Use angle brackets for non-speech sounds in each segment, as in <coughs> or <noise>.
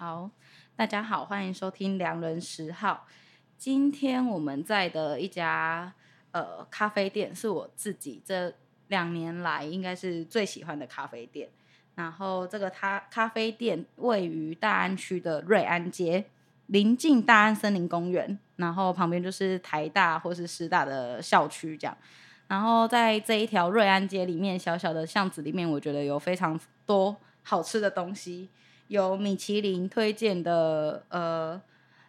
好，大家好，歡迎收聽良人拾號。今天我們在的一家呃咖啡店是我自己這兩年來應該是最喜歡的咖啡店。然後這個咖咖啡店位於大安區的瑞安街，鄰近大安森林公園，然後旁邊就是台大或是師大的校區這樣。然後在這一條瑞安街裡面小小的巷子裡面，我覺得有非常多好吃的東西。有米其林推薦的呃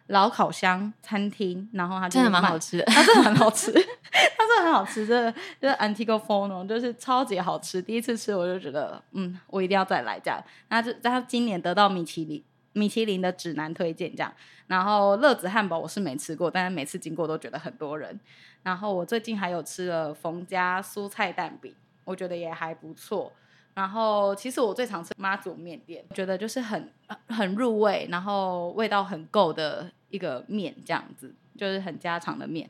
老烤箱餐廳，然後它、就是、真的蠻好吃的，它真的很好吃， <laughs> 它真的很好吃，這個就是 Antico Forno，就是超級好吃。第一次吃我就覺得，嗯，我一定要再來這樣。那就在他今年得到米其林，米其林的指南推薦，這樣。然後樂子漢堡我是沒吃過，但是每次經過都覺得很多人。然後我最近還有吃了馮家蔬菜蛋餅，我覺得也還不錯。然後，其實我最常吃媽祖麵店，覺得就是很很入味，然後味道很夠的一個麵，這樣子就是很家常的麵。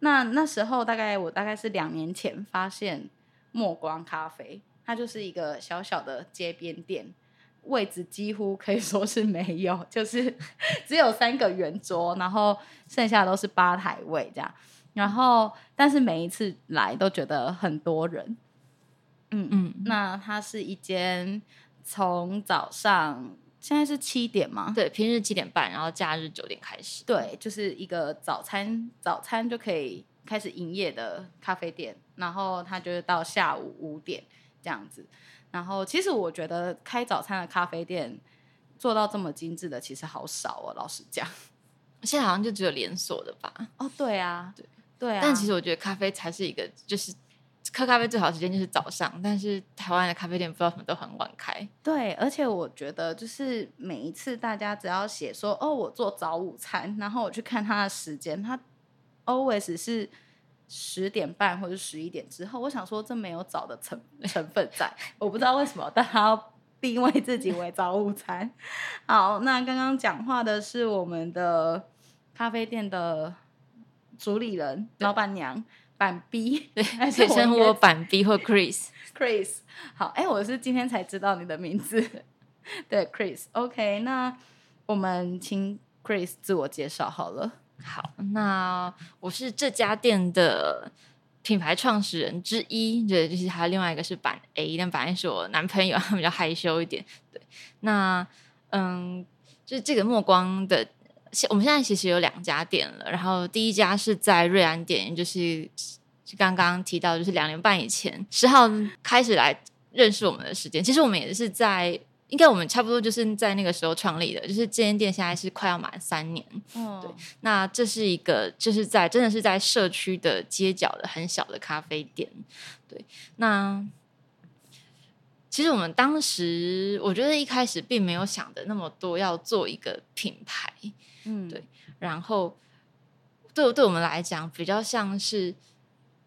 那那時候大概我大概是兩年前發現默光咖啡，它就是一個小小的街邊店，位置幾乎可以說是沒有，就是只有三個圓桌，然後剩下都是吧台位這樣。然後，但是每一次來都覺得很多人。嗯嗯，嗯，那它是一間從早上，現在是七點嘛？對，平日七點半，然後假日九點開始。對，就是一個早餐，早餐就可以開始營業的咖啡店。然後它就是到下午五點這樣子。然後其實我覺得開早餐的咖啡店做到這麼精緻的，其實好少哦。老實講，現在好像就只有連鎖的吧？哦，對啊，對對。對啊，但其實我覺得咖啡才是一個就是。喝咖啡最好時間就是早上，但是台灣的咖啡店不知道什麼都很晚開。對，而且我覺得就是每一次大家只要寫說“哦，我做早午餐”，然後我去看他的時間，他 always 是十點半或者十一點之後。我想說這沒有早的成成分在， <laughs> 我不知道為什麼大家要定位自己為早午餐。好，那剛剛講話的是我們的咖啡店的主理人，對老板娘。版 B，對稱呼我板 B 或 Chris，Chris。Chris, 好，哎、欸，我是今天才知道你的名字， <laughs> 對，Chris。OK，那我們請 Chris 自我介紹好了。好，那我是這家店的品牌創始人之一，對，就是還有另外一個是版 A，但版 A 是我男朋友，他比較害羞一點。對，那嗯，就是這個默光的。我們現在其實有兩家店了，然後第一家是在瑞安店，就是剛剛提到，就是兩年半以前拾號開始來認識我們的時間。其實我們也是在，應該我們差不多就是在那個時候創立的，就是這間店現在是快要滿三年。嗯、哦，對，那這是一個就是在真的是在社區的街角的很小的咖啡店。對，那。其實我們當時，我覺得一開始並沒有想的那麼多，要做一個品牌，嗯，對。然後，對，對我們來講，比較像是，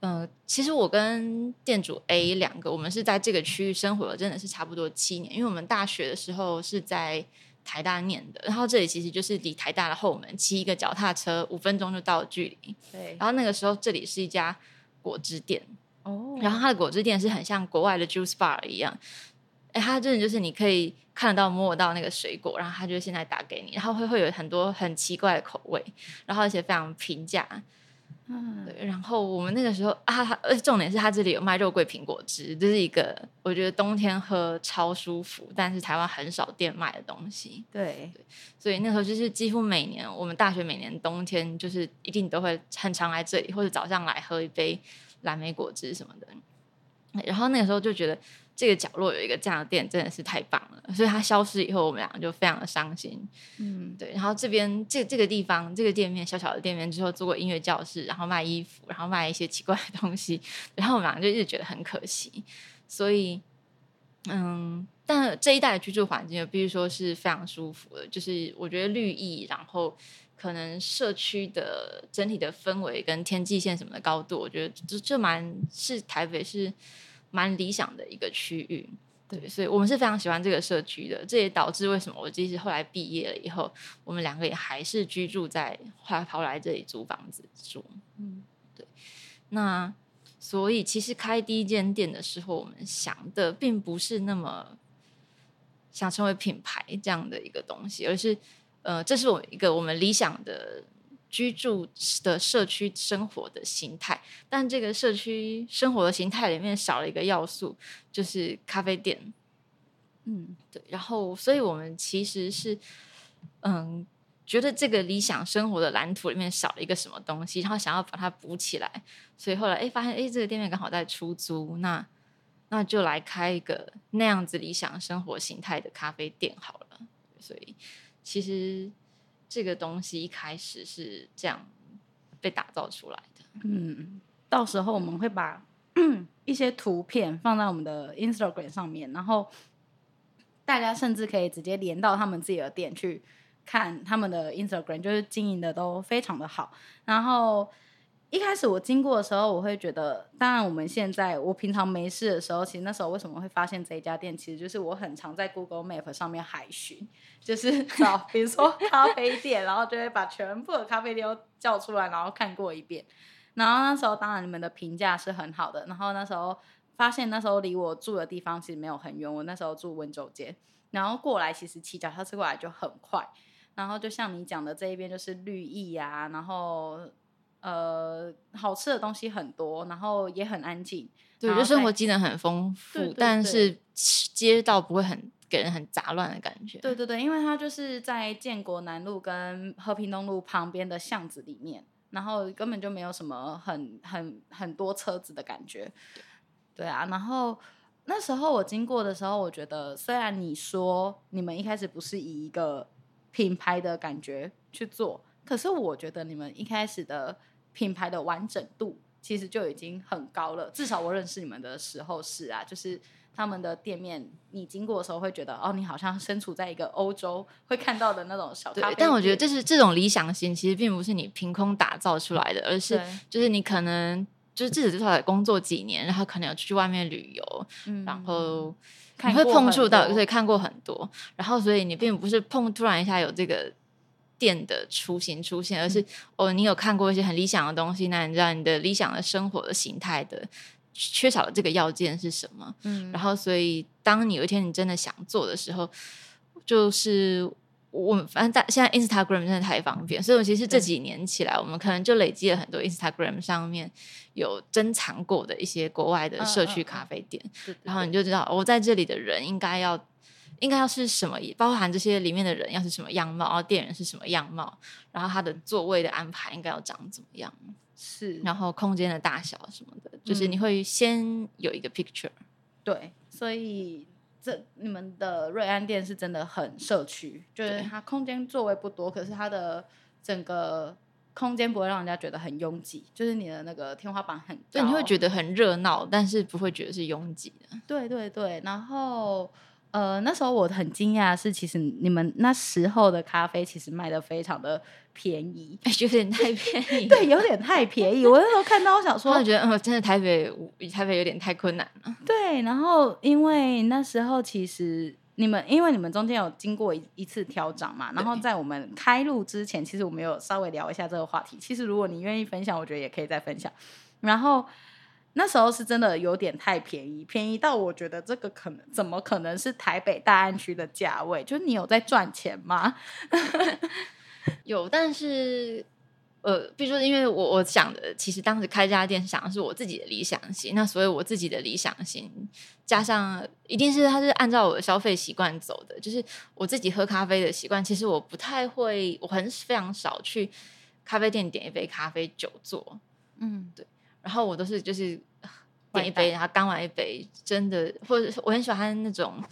呃，其實我跟店主 A 兩個，我們是在這個區域生活了，真的是差不多七年，因為我們大學的時候是在台大念的，然後這裡其實就是離台大的後門騎一個腳踏車五分鐘就到的距離，對。然後那個時候，這裡是一家果汁店。哦，然後它的果汁店是很像國外的 juice bar 一樣，哎，它真的就是你可以看得到、摸得到那個水果，然後它就現在打給你，然後會會有很多很奇怪的口味，然後而且非常平價，嗯，對。然後我們那個時候啊，而且重點是它這裡有賣肉桂蘋果汁，這、就是一個我覺得冬天喝超舒服，但是台灣很少店賣的東西。對，對，所以那時候就是幾乎每年我們大學每年冬天就是一定都會很常來這裡，或者早上來喝一杯。藍莓果汁什麼的，然後那個時候就覺得這個角落有一個這樣的店真的是太棒了，所以它消失以後，我們兩個就非常的傷心。嗯，對，然後這邊這這個地方這個店面小小的店面之後做過音樂教室，然後賣衣服，然後賣一些奇怪的東西，然後我們兩個就一直覺得很可惜。所以，嗯，但這一帶的居住環境，必須說是非常舒服的，就是我覺得綠意，然後。可能社區的整體的氛圍跟天際線什麼的高度，我覺得這這蠻是台北是蠻理想的一個區域，對，對，所以我們是非常喜歡這個社區的。這也導致為什麼我即使後來畢業了以後，我們兩個也還是居住在後來跑來這裡租房子住，嗯，對。那所以其實開第一間店的時候，我們想的並不是那麼想成為品牌這樣的一個東西，而是。呃，這是我們一個我們理想的居住的社區生活的形態，但這個社區生活的形態裡面少了一個要素，就是咖啡店。嗯，對。然後，所以我們其實是，嗯，覺得這個理想生活的藍圖裡面少了一個什麼東西，然後想要把它補起來。所以後來，哎，發現哎，這個店面剛好在出租，那那就來開一個那樣子理想生活形態的咖啡店好了。所以。其實這個東西一開始是這樣被打造出來的。嗯，到時候我們會把對 <coughs> 一些圖片放在我們的 Instagram 上面，然後大家甚至可以直接連到他們自己的店去看他們的 Instagram，就是經營得都非常的好。然後。一開始我經過的時候，我會覺得，當然我們現在我平常沒事的時候，其實那時候為什麼會發現這一家店，其實就是我很常在 Google Map 上面海巡，就是找， <laughs> 比如說咖啡店， <laughs> 然後就會把全部的咖啡店都叫出來，然後看過一遍。然後那時候，當然你們的評價是很好的。然後那時候發現，那時候離我住的地方其實沒有很遠，我那時候住溫州街，然後過來其實騎腳踏車過來就很快。然後就像你講的這一邊就是綠意啊，然後。呃，好吃的東西很多，然後也很安靜，對，我覺得生活機能很豐富，對對對，但是街道不會很給人很雜亂的感覺。對對對，因為它就是在建國南路跟和平東路旁邊的巷子裡面，然後根本就沒有什麼很很很多車子的感覺。對啊，然後那時候我經過的時候，我覺得雖然你說你們一開始不是以一個品牌的感覺去做，可是我覺得你們一開始的。品牌的完整度其實就已經很高了，至少我認識你們的時候是啊，就是他們的店面，你經過的時候會覺得，哦，你好像身處在一個歐洲會看到的那種小店，對，但我覺得這是這種理想型，其實並不是你憑空打造出來的，而是就是你可能對就是自己至少得工作幾年，然後可能有去外面旅遊，嗯，然後你會碰觸到，所以看，看過很多，然後所以你並不是碰突然一下有這個。店的雛形出現，而是哦，你有看過一些很理想的東西，那你知道你的理想的生活的形態的缺少的這個要件是什麼？嗯，然後所以當你有一天你真的想做的時候，就是我們反正大現在 Instagram 真的太方便，所以我其實是這幾年起來，對我們可能就累積了很多 Instagram 上面有珍藏過的一些國外的社區咖啡店，啊啊啊、然後你就知道我、哦、在這裡的人應該要。應該要是什麼，包含這些裡面的人要是什麼樣貌，然後店員是什麼樣貌，然後他的座位的安排應該要長怎麼樣？是，然後空間的大小什麼的，嗯、就是你會先有一個 picture。對，所以這你們的瑞安店是真的很社區，就是它空間座位不多，可是它的整個空間不會讓人家覺得很擁擠，就是你的那個天花板很高，你會覺得很熱鬧，但是不會覺得是擁擠的。對對對，然後。呃，那時候我很驚訝的是其實你們那時候的咖啡其實賣的非常的便宜，欸，有點太便宜， <laughs> 對，有點太便宜。 <laughs> 我那時候看到，我想說，我覺得、呃，真的台北台北有點太困難了。對，然後因為那時候其實你們，因為你們中間有經過一一次調漲嘛，然後在我們開錄之前，對其實我們有稍微聊一下這個話題。其實如果你願意分享，我覺得也可以再分享。然後。那時候是真的有點太便宜，便宜到我覺得這個可能怎麼可能是台北大安區的價位？就你有在賺錢嗎？ <laughs> <laughs> 有，但是呃，比如說，因為我我想的，其實當時開家店想的是我自己的理想型，那所以我自己的理想型加上，一定是它是按照我的消費習慣走的，就是我自己喝咖啡的習慣，其實我不太會，我很非常少去咖啡店點一杯咖啡久坐，嗯，對。然後我都是就是點一杯，然後幹完一杯，真的，或者我很喜歡那種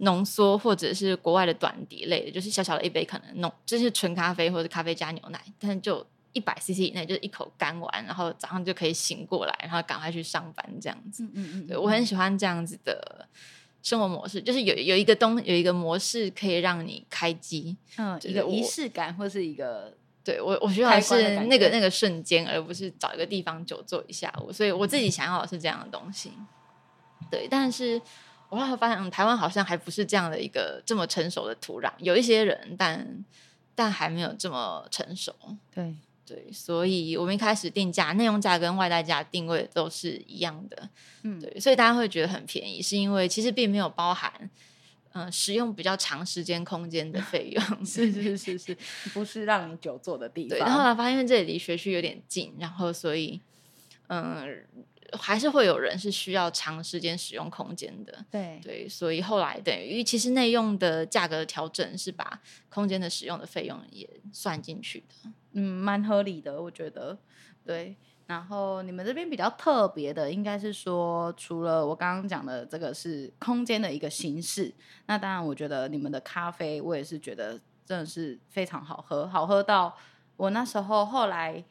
濃縮或者是國外的短笛類的，就是小小的一杯，可能弄就是純咖啡或者咖啡加牛奶，但是就一百 CC 以內，就是一口幹完，然後早上就可以醒過來，然後趕快去上班這樣子。嗯嗯嗯，我很喜歡這樣子的生活模式，就是有有一個東有一個模式可以讓你開機，嗯，一個儀式感或是一個。對我，我覺得還是那個、那個、那個瞬間，而不是找一個地方久坐一下午。所以我自己想要的是這樣的東西。嗯、對，但是我後來發現，台灣好像還不是這樣的一個這麼成熟的土壤。有一些人，但但還沒有這麼成熟。對對，所以我們一開始定價，內用價跟外帶價定位都是一樣的。嗯，對，所以大家會覺得很便宜，是因為其實並沒有包含。嗯，使用比較長時間空間的費用， <laughs> 是是是是，不是讓你久坐的地方。 <laughs> 對，然後來發現這裡離學區有點近，然後所以嗯，還是會有人是需要長時間使用空間的。對對，所以後來等於其實內用的價格的調整是把空間的使用的費用也算進去的，嗯，蠻合理的，我覺得，對。然後你們這邊比較特別的，應該是說，除了我剛剛講的這個是空間的一個形式，那當然我覺得你們的咖啡，我也是覺得真的是非常好喝，好喝到我那時候後來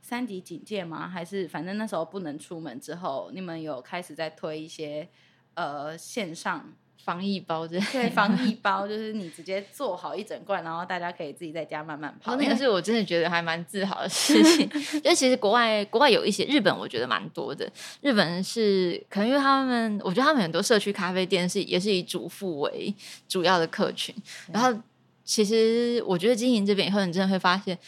三級警戒嗎？還是反正那時候不能出門之後，你們有開始在推一些呃線上。防疫包，對，對，防疫包就是你直接做好一整罐， <laughs> 然後大家可以自己在家慢慢泡。哦，那個是我真的覺得還蠻自豪的事情，因為 <laughs> 其實國外國外有一些，日本我覺得蠻多的。日本是可能因為他們，我覺得他們很多社區咖啡店是也是以主婦為主要的客群。對然後其實我覺得經營這邊以後，你真的會發現。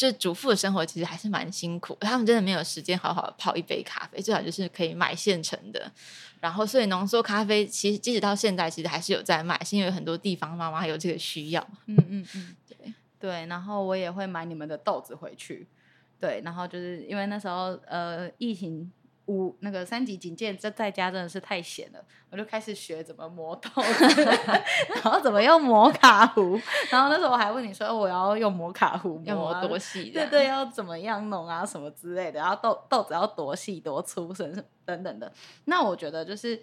就主婦的生活其實還是蠻辛苦，他們真的沒有時間好好泡一杯咖啡，最好就是可以買現成的。然後，所以濃縮咖啡其實即使到現在，其實還是有在賣，是因為很多地方媽媽有這個需要。嗯嗯嗯，對對。然後我也會買你們的豆子回去。對，然後就是因為那時候呃疫情。五那個三級警戒，在在家真的是太閒了，我就開始學怎麼磨豆， <laughs> <laughs> 然後怎麼用摩卡壺，然後那時候我還問你說，哦、我要用摩卡壺磨,、啊、磨多細，對,對對，要怎麼樣弄啊，什麼之類的，然、啊、後豆豆子要多細多粗，什麼什麼等等的。那我覺得就是，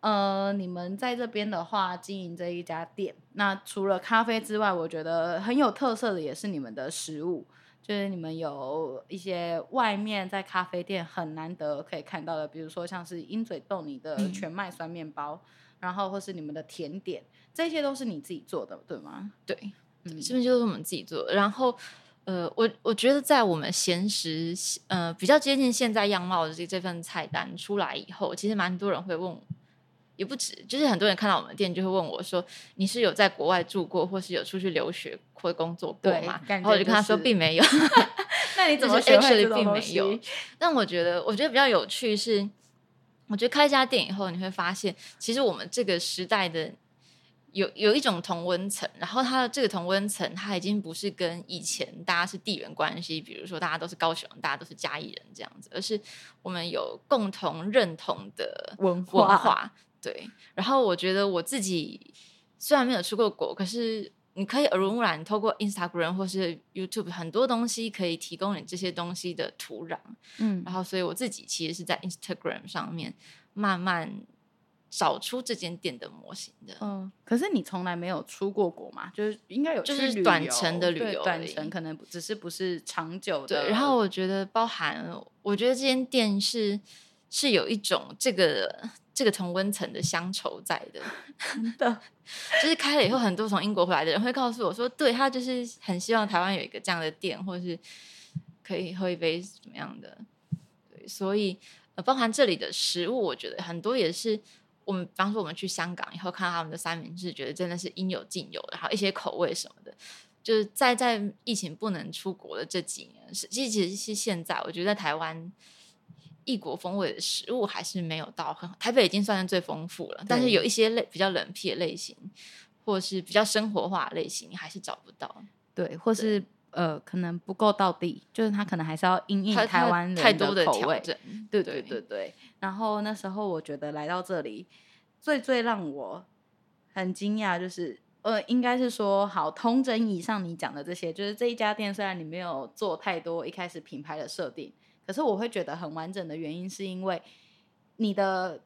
呃，你們在這邊的話，經營這一家店，那除了咖啡之外，我覺得很有特色的也是你們的食物。就是你們有一些外面在咖啡店很難得可以看到的，比如說像是鷹嘴豆泥的全麥酸麵包，嗯，然後或是你們的甜點，這些都是你自己做的，對嗎？對，嗯，是不是就是我們自己做的。然後，呃，我我覺得在我們閒時，呃，比較接近現在樣貌的這份菜單出來以後，其實蠻多人會問我。也不止，就是很多人看到我們店就會問我說：“你是有在國外住過，或是有出去留學或工作過嗎？”對然後我就跟他說：“就是、並沒有。” <laughs> 那你怎麼學會 <laughs> 其實其實並沒有？但我覺得，我覺得比較有趣是，我覺得開一家店以後，你會發現，其實我們這個時代的有有一種同溫層，然後它的這個同溫層，它已經不是跟以前大家是地緣關係，比如說大家都是高雄，大家都是嘉義人這樣子，而是我們有共同認同的文化。文化對，然後我覺得我自己雖然沒有出過國，可是你可以耳濡目染，透過 Instagram 或是 YouTube 很多東西可以提供你這些東西的土壤。嗯，然後所以我自己其實是在 Instagram 上面慢慢找出這間店的模型的。嗯，可是你從來沒有出過國嘛？就是應該有，就是短程的旅遊，對，短程可能只是不是長久的啊，對。然後我覺得包含，我覺得這間店是。是有一種這個這個同溫層的鄉愁在的， <laughs> 就是開了以後，很多從英國回來的人會告訴我說，對，他就是很希望台灣有一個這樣的店，或者是可以喝一杯怎麼樣的。所以呃，包含這裡的食物，我覺得很多也是我們，比方說我們去香港以後，看到他們的三明治，覺得真的是應有盡有，然後一些口味什麼的，就是在在疫情不能出國的這幾年，是其實其實是現在，我覺得在台灣，異國風味的食物還是沒有到很，台北已經算是最豐富了，對但是有一些類比較冷僻的類型，或是比較生活化類型，還是找不到。對，或是對呃，可能不夠道地，就是他可能還是要因應台灣人的口味。對對對，對對對。然後那時候我覺得來到這裡，最最讓我很驚訝就是，呃，應該是說好，統整以上你講的這些，就是這一家店雖然你沒有做太多一開始品牌的設定。可是我會覺得很完整的原因，是因為你的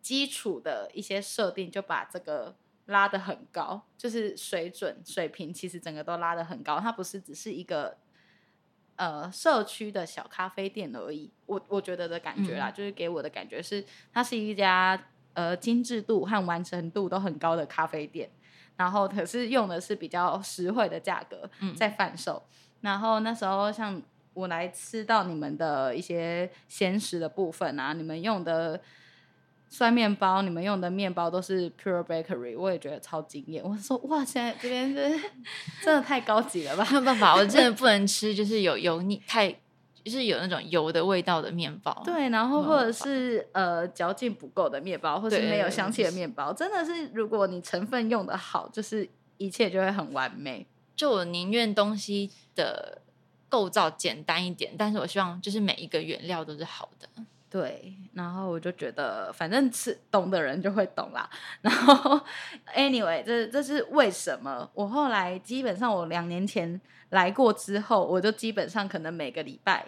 基礎的一些設定就把這個拉得很高，就是水準水平其實整個都拉得很高。它不是只是一個呃社區的小咖啡店而已。我我覺得的感覺啦，嗯、就是給我的感覺是，它是一家呃精致度和完成度都很高的咖啡店。然後可是用的是比較實惠的價格在販售。嗯、然後那時候像。我來吃到你們的一些鮮食的部分啊，你們用的酸麵包，你們用的麵包都是 pure bakery，我也覺得超驚豔。我說哇，現在這邊是真的太高級了吧？沒辦法， <laughs> 我真的不能吃，就是有油膩 <laughs> 太，就是有那種油的味道的麵包。對，然後或者是呃嚼勁不夠的麵包，或是沒有香氣的麵包，就是、真的是如果你成分用的好，就是一切就會很完美。就我寧願東西的。構造簡單一點，但是我希望就是每一個原料都是好的，對。然後我就覺得，反正吃懂的人就會懂啦。然後，anyway，這這是為什麼，我後來基本上我兩年前來過之後，我就基本上可能每個禮拜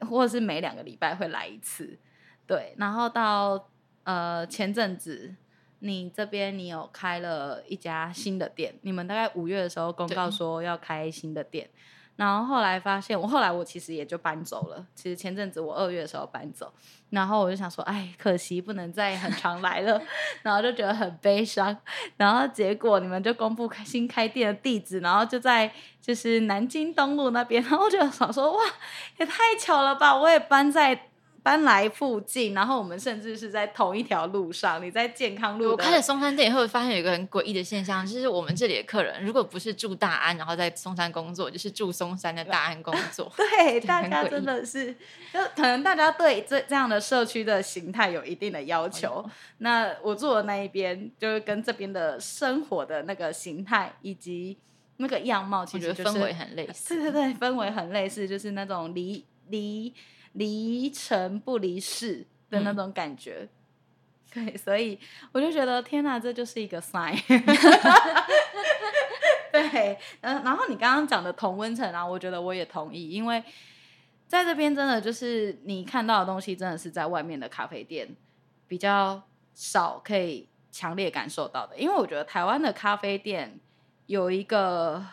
或者是每兩個禮拜會來一次，對。然後到呃前陣子，你這邊你有開了一家新的店，你們大概五月的時候公告說要開新的店。然後後來發現，我後來我其實也就搬走了。其實前陣子我二月的時候搬走，然後我就想說，哎，可惜不能再很常來了， <laughs> 然後就覺得很悲傷。然後結果你們就公布新開店的地址，然後就在就是南京東路那邊，然後我就想說，哇，也太巧了吧！我也搬在。搬來附近，然後我們甚至是在同一條路上。你在健康路，我開了松山店以後，發現有一個很詭異的現象，就是我們這裡的客人，如果不是住大安，然後在松山工作，就是住松山的大安工作。啊、對，對，大家真的是，就可能大家對這這樣的社區的形態有一定的要求。哦、呀那我住的那一邊，就是跟這邊的生活的那個形態以及那個樣貌，其實、就是、氛圍很類似。對對對，氛圍很類似，就是那種離離。離城不離市的那種感覺，嗯、對，所以我就覺得天哪、啊，這就是一個 sign。 <laughs> 對，嗯，然後你剛剛講的同溫層啊，我覺得我也同意，因為在這邊真的就是你看到的東西真的是在外面的咖啡店比較少可以強烈感受到的，因為我覺得台灣的咖啡店有一個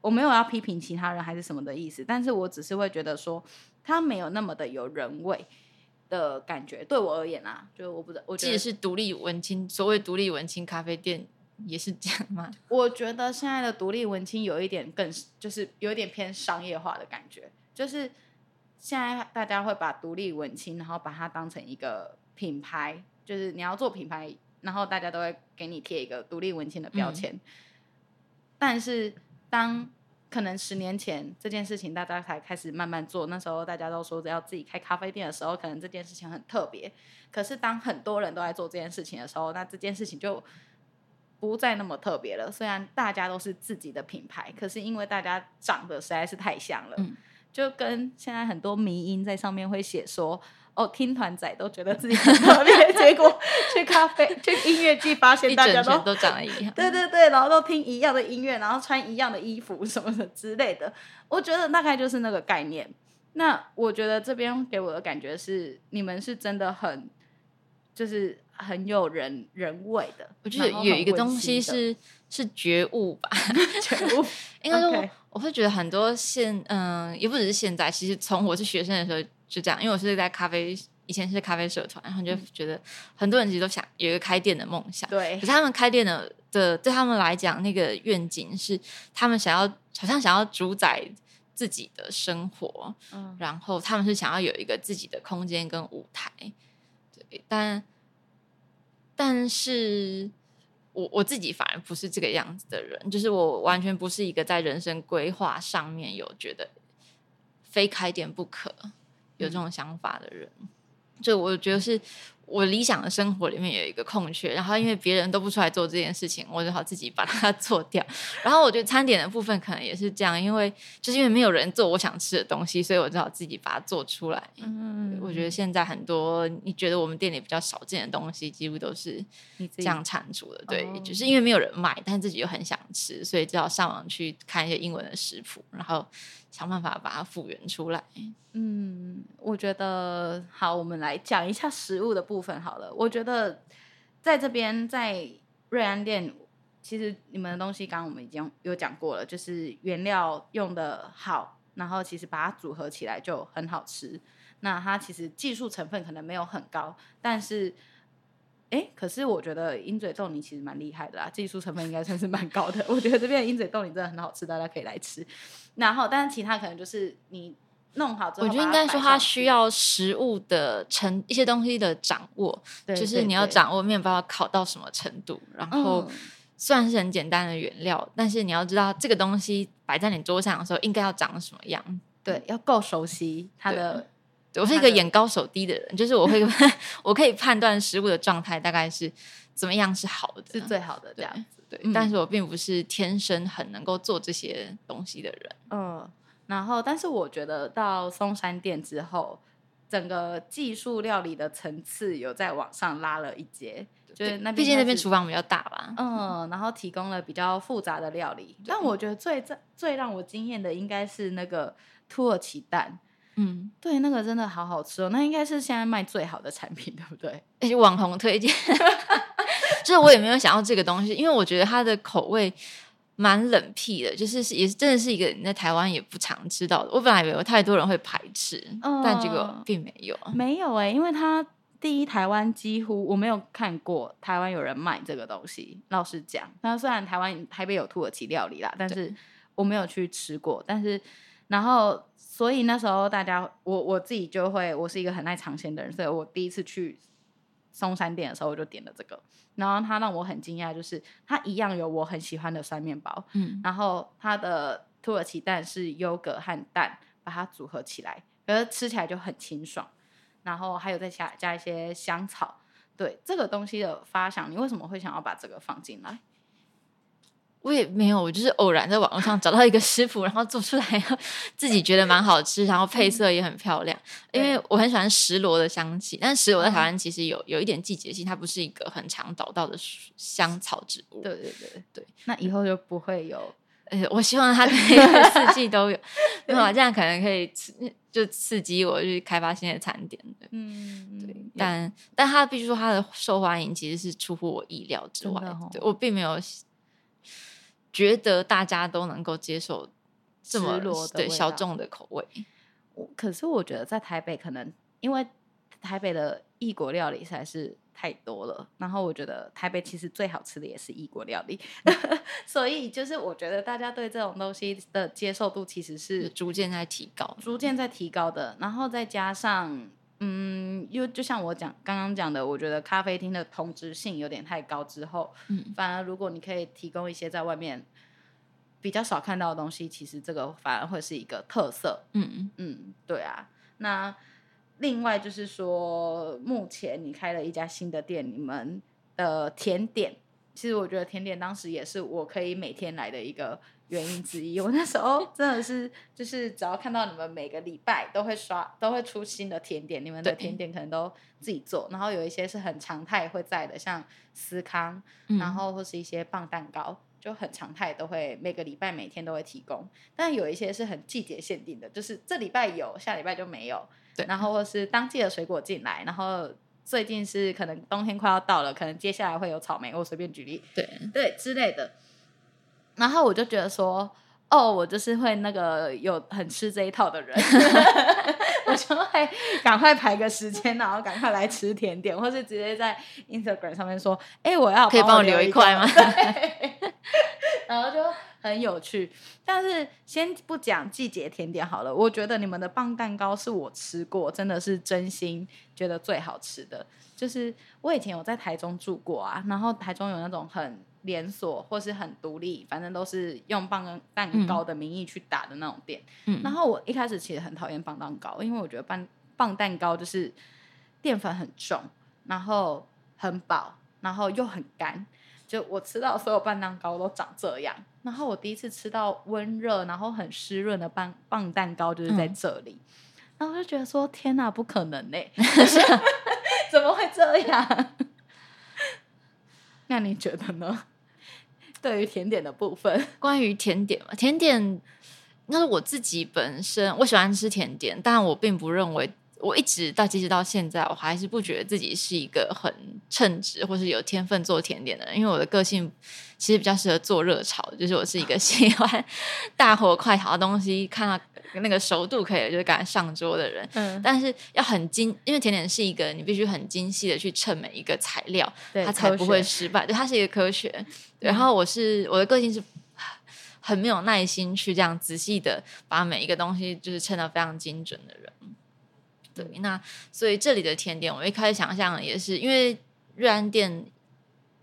我沒有要批評其他人還是什麼的意思，但是我只是會覺得說。它沒有那麼的有人味的感覺，對我而言啊，就我不知道。我記得是獨立文青，所謂獨立文青咖啡店也是這樣嗎？我覺得現在的獨立文青有一點更，就是有一點偏商業化的感覺，就是現在大家會把獨立文青，然後把它當成一個品牌，就是你要做品牌，然後大家都會給你貼一個獨立文青的標籤，嗯。但是當。可能十年前這件事情大家才開始慢慢做，那時候大家都說着要自己開咖啡店的時候，可能這件事情很特別。可是當很多人都在做這件事情的時候，那這件事情就不再那麼特別了。雖然大家都是自己的品牌，可是因為大家長得實在是太像了，嗯、就跟現在很多迷因在上面會寫說。哦，聽團仔都覺得自己很特別， <laughs> 結果去咖啡 <laughs> 去音樂季，發現大家都都長得一樣，對對對，然後都聽一樣的音樂，然後穿一樣的衣服什麼的之類的。我覺得大概就是那個概念。那我覺得這邊給我的感覺是，你們是真的很就是很有人人味的。我覺得有一個東西是是，是覺悟吧， <laughs> 覺悟。 <laughs> 因為說我，Okay. 我會覺得很多現嗯、呃，也不只是現在，其實從我是學生的時候。是這樣，因為我是在咖啡，以前是咖啡社團，然後就覺得很多人其實都想有一個開店的夢想，對。可是他們開店的的，對他們來講，那個願景是他們想要，好像想要主宰自己的生活，嗯。然後他們是想要有一個自己的空間跟舞台，對。但，但是我我自己反而不是這個樣子的人，就是我完全不是一個在人生規劃上面有覺得非開店不可。有這種想法的人，就我覺得是我理想的生活裡面有一個空缺，然後因為別人都不出來做這件事情，我只好自己把它做掉。然後我覺得餐點的部分可能也是這樣，因為就是因為沒有人做我想吃的東西，所以我只好自己把它做出來。嗯，我覺得現在很多你覺得我們店裡比較少見的東西，幾乎都是這樣產出的。對，哦、就是因為沒有人賣，但自己又很想吃，所以只好上網去看一些英文的食譜，然後。想辦法把它復原出來。嗯，我覺得好，我們來講一下食物的部分好了。我覺得在這邊，在瑞安店，其實你們的東西剛剛我們已經有講過了，就是原料用得好，然後其實把它組合起來就很好吃。那它其實技術成分可能沒有很高，但是。欸、可是我覺得鷹嘴豆泥其實蠻厲害的啦，技術成分應該算是蠻高的。 <laughs> 我覺得這邊的鷹嘴豆泥真的很好吃，大家可以來吃。然後，但是其他可能就是你弄好之後，我覺得應該說它需要食物的成一些東西的掌握，對對對，就是你要掌握麵包要烤到什麼程度。然後，雖然是很簡單的原料，嗯、但是你要知道這個東西擺在你桌上的時候應該要長什麼樣。對，要夠熟悉它的。我是一個眼高手低的人，的就是我會 <laughs> <laughs> 我可以判斷食物的狀態大概是怎麼樣，是好的，是最好的這樣子。對，對嗯、但是我並不是天生很能夠做這些東西的人。嗯，然後，但是我覺得到松山店之後，整個技術料理的層次有在往上拉了一階，嗯、就是那畢竟那邊廚房比較大吧。嗯，嗯然後提供了比較複雜的料理，就但我覺得最最讓我驚艷的應該是那個土耳其蛋。嗯，對，那個真的好好吃哦，那應該是現在賣最好的產品，對不對？而且、欸、網紅推薦， <laughs> <laughs> 就是我也沒有想到這個東西，因為我覺得它的口味蠻冷僻的，就是也是真的是一個人在台灣也不常吃道知道的。我本來以為太多人會排斥，呃、但結果並沒有，沒有哎、欸，因為它第一台灣幾乎我沒有看過台灣有人賣這個東西，老實講，那雖然台灣台北有土耳其料理啦，但是我沒有去吃過，但是然後。所以那時候大家，我我自己就會，我是一個很愛嘗鮮的人，所以我第一次去松山店的時候，我就點了這個。然後它讓我很驚訝，就是它一樣有我很喜歡的酸麵包，嗯，然後它的土耳其蛋是優格和蛋把它組合起來，可是吃起來就很清爽。然後還有再加加一些香草，對這個東西的發想，你為什麼會想要把這個放進來？我也沒有，我就是偶然在網絡上找到一個食譜，然後做出來，自己覺得蠻好吃，然後配色也很漂亮。因為我很喜歡蒔蘿的香氣，但蒔蘿在台灣其實有有一點季節性，它不是一個很常找到的香草植物。對對對對，那以後就不會有，而且我希望它四季都有，那這樣可能可以刺就刺激我去開發新的餐點。嗯，對，但但它必須說它的受歡迎其實是出乎我意料之外，對，我並沒有。覺得大家都能夠接受這麼的小眾的口味，可是我覺得在台北可能因為台北的異國料理實在是太多了，然後我覺得台北其實最好吃的也是異國料理，嗯、 <laughs> 所以就是我覺得大家對這種東西的接受度其實是逐漸在提高，嗯、逐漸在提高的，然後再加上。嗯，因為就像我講剛剛講的，我覺得咖啡廳的同質性有點太高，之後，嗯，反而如果你可以提供一些在外面比較少看到的東西，其實這個反而會是一個特色。嗯嗯，對啊。那另外就是說，目前你開了一家新的店，你們的甜點，其實我覺得甜點當時也是我可以每天來的一個。原因之一，我那時候真的是 <laughs> 就是，只要看到你們每個禮拜都會刷，都會出新的甜點，你們的甜點可能都自己做，對然後有一些是很常態會在的，像司康，然後或是一些棒蛋糕，嗯、就很常態都會每個禮拜每天都會提供，但有一些是很季節限定的，就是這禮拜有，下禮拜就沒有，對然後或是當季的水果進來，然後最近是可能冬天快要到了，可能接下來會有草莓，我隨便舉例，對對之類的。然後我就覺得說，哦，我就是會那個有很吃這一套的人， <laughs> 我就會趕快排個時間，然後趕快來吃甜點，或是直接在 Instagram 上面說，哎、欸，我要我可以幫我留一塊嗎？對。然後就很有趣。但是先不講季節甜點好了，我覺得你們的棒蛋糕是我吃過，真的是真心覺得最好吃的。就是我以前有在台中住過啊，然後台中有那種很連鎖或是很獨立，反正都是用磅蛋糕的名義去打的那種店。嗯、然後我一開始其實很討厭磅蛋糕，因為我覺得磅磅蛋糕就是澱粉很重，然後很飽，然後又很乾。就我吃到所有磅蛋糕都長這樣。然後我第一次吃到溫熱，然後很濕潤的磅磅蛋糕就是在這裡。嗯、然後我就覺得說：天哪、啊，不可能呢、欸？’ <laughs> <laughs> 怎麼會這樣？那你覺得呢？對於甜點的部分，關於甜點嘛，甜點那是我自己本身，我喜歡吃甜點，但我並不認為，我一直到即使到現在，我還是不覺得自己是一個很稱職或是有天分做甜點的人，因為我的個性其實比較適合做熱炒，就是我是一個喜歡大火快炒的東西，看到。那個熟度可以，就是敢上桌的人，嗯，但是要很精，因為甜點是一個你必須很精細的去稱每一個材料，對，它才不會失敗，學對，它是一個科學。嗯、然後我是我的個性是很沒有耐心去這樣仔細的把每一個東西就是稱到非常精準的人，對，那所以這裡的甜點，我一開始想象也是因為瑞安店。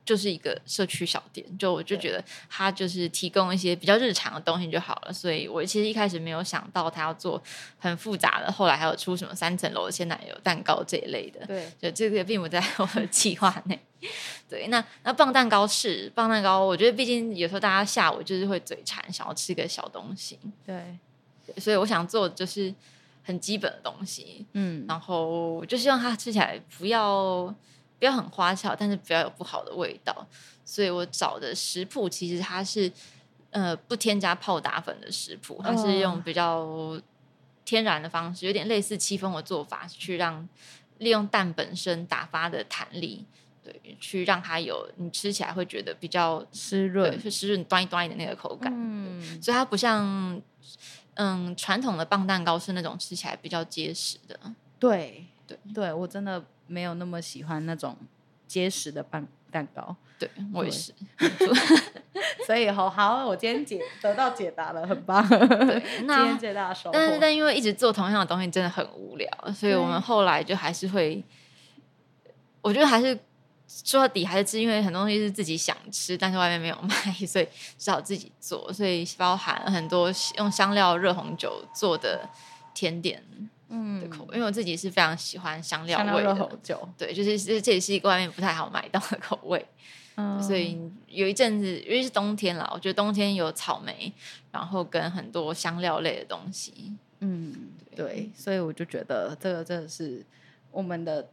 就是一個社區小店，就我就覺得他就是提供一些比較日常的東西就好了。對所以我其實一開始沒有想到他要做很複雜的，後來還有出什麼三層樓的鮮奶油蛋糕這一類的。對，所以這個也並不在我的計劃內。 <laughs> 對，那那磅蛋糕是磅蛋糕，我覺得畢竟有時候大家下午就是會嘴饞，想要吃個小東西。對，對，所以我想做就是很基本的東西，嗯，然後就希望它吃起來不要。不要很花俏，但是不要有不好的味道，所以我找的食譜其實它是，呃，不添加泡打粉的食譜，它是用比較天然的方式，哦、有點類似戚風的做法，去讓利用蛋本身打發的彈力，對，去讓它有你吃起來會覺得比較濕潤，就濕潤、端一端的那個口感，嗯，所以它不像，嗯，傳統的磅蛋糕是那種吃起來比較結實的，對，對，對我真的沒有那麼喜歡那種結實的磅蛋糕，對，對我也是。對 <laughs> 所以吼，好，我今天解得到解答了，很棒。對， <laughs> 那今天最大的收穫。但是，但是因為一直做同樣的東西真的很無聊，所以我們後來就還是會，對我覺得還是說到底還是是因為很多東西是自己想吃，但是外面沒有賣，所以只好自己做。所以包含很多用香料、熱紅酒做的甜點。嗯，的口，因為我自己是非常喜歡香料味的酒，對，就是這這也是一個外面不太好買到的口味，嗯，所以有一陣子，因為是冬天啦，我覺得冬天有草莓，然後跟很多香料類的東西，嗯，對，對，所以我就覺得這個真的是我們的，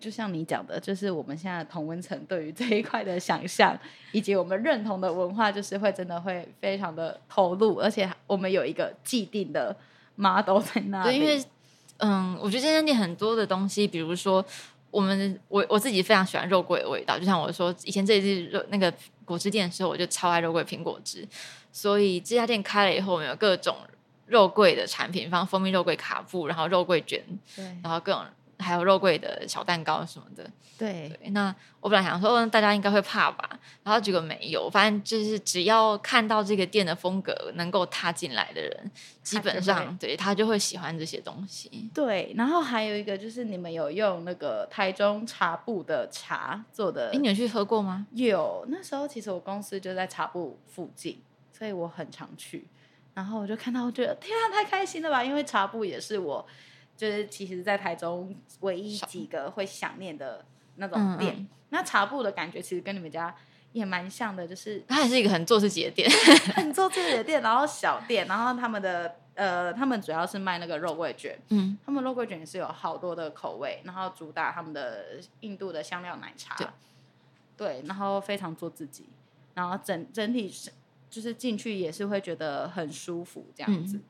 就像你講的，就是我們現在同溫層對於這一塊的想象， <laughs> 以及我們認同的文化，就是會真的會非常的投入，而且我們有一個既定的 model 在那裡。對，因為。嗯，我覺得這家店很多的東西，比如說我們我我自己非常喜歡肉桂的味道，就像我說以前這一次肉那個果汁店的時候，我就超愛肉桂蘋果汁，所以這家店開了以後，我們有各種肉桂的產品，放蜂蜜肉桂卡布，然後肉桂捲，對，然後各種。還有肉桂的小蛋糕什麼的，對，對。那我本來想說，哦、大家應該會怕吧，然後結果沒有。反正就是只要看到這個店的風格，能夠踏進來的人，基本上他對他就會喜歡這些東西。對。然後還有一個就是，你們有用那個台中茶布的茶做的？欸、你有去喝過嗎？有。那時候其實我公司就在茶布附近，所以我很常去。然後我就看到，我覺得天啊，太開心了吧！因為茶布也是我。就是其實，在台中唯一幾個會想念的那種店。嗯嗯，那茶布的感覺其實跟你們家也蠻像的，就是它也是一個很做自己的店， <laughs> 很做自己的店，然後小店，然後他們的呃，他們主要是賣那個肉桂卷。嗯，他們肉桂卷是有好多的口味，然後主打他們的印度的香料奶茶，對，對，然後非常做自己，然後整整體是就是進去也是會覺得很舒服這樣子。嗯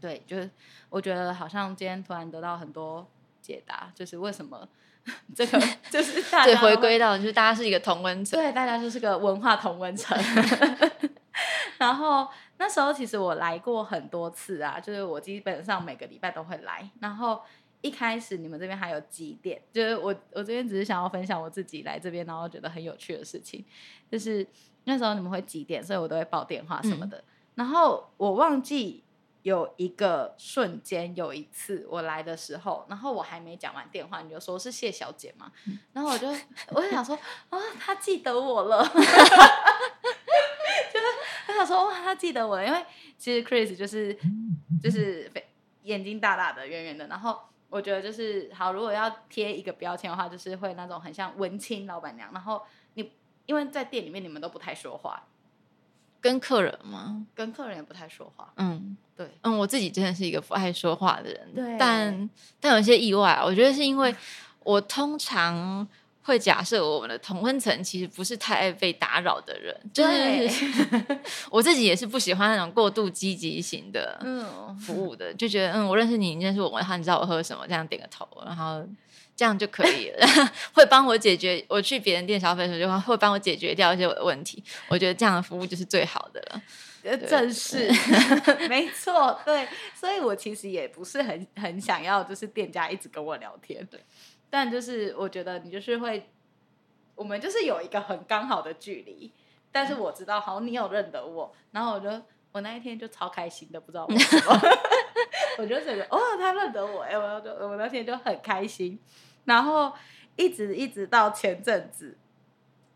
對，就是我覺得好像今天突然得到很多解答，就是為什麼這個就是大家 <laughs> 回歸到就是大家是一個同溫層，對，大家就是個文化同溫層。 <laughs> <laughs> 然後那時候其實我來過很多次啊，就是我基本上每個禮拜都會來。然後一開始你們這邊還有集點，就是我我這邊只是想要分享我自己來這邊然後覺得很有趣的事情，就是那時候你們會集點，所以我都會報電話什麼的。嗯、然後我忘記。有一個瞬間，有一次我來的時候，然後我還沒講完電話，你就說是謝小姐嘛？嗯、然後我就我就想說啊、 <laughs> 哦，他記得我了， <laughs> 就是我想說哇，他記得我了，因為其實 Kris 就是就是眼睛大大的、圓圓的，然後我覺得就是好，如果要貼一個標籤的話，就是會那種很像文青老闆娘，然後你因為在店裡面你們都不太說話。跟客人嗎？跟客人也不太說話。嗯，對，嗯，我自己真的是一個不愛說話的人。對，但但有些意外，我覺得是因為我通常。會假設我們的同溫層其實不是太愛被打擾的人，對就是 <laughs> 我自己也是不喜歡那種過度積極型的服務的，嗯、就覺得嗯我認識你，你認識我，然後你知道我喝什麼，這樣點個頭，然後這樣就可以了。 <laughs> 會幫我解決，我去別人店消費的時候就會幫我解決掉一些我的問題。我覺得這樣的服務就是最好的了。正是，沒錯，對，所以我其實也不是很很想要，就是店家一直跟我聊天。但就是我覺得你就是會，我們就是有一個很剛好的距離，但是我知道，嗯、好，你有認得我，然後我就我那一天就超開心的，不知道為什麼， <laughs> 我就覺得哦，他認得我、欸，哎，我我那天就很開心，然後一直一直到前陣子，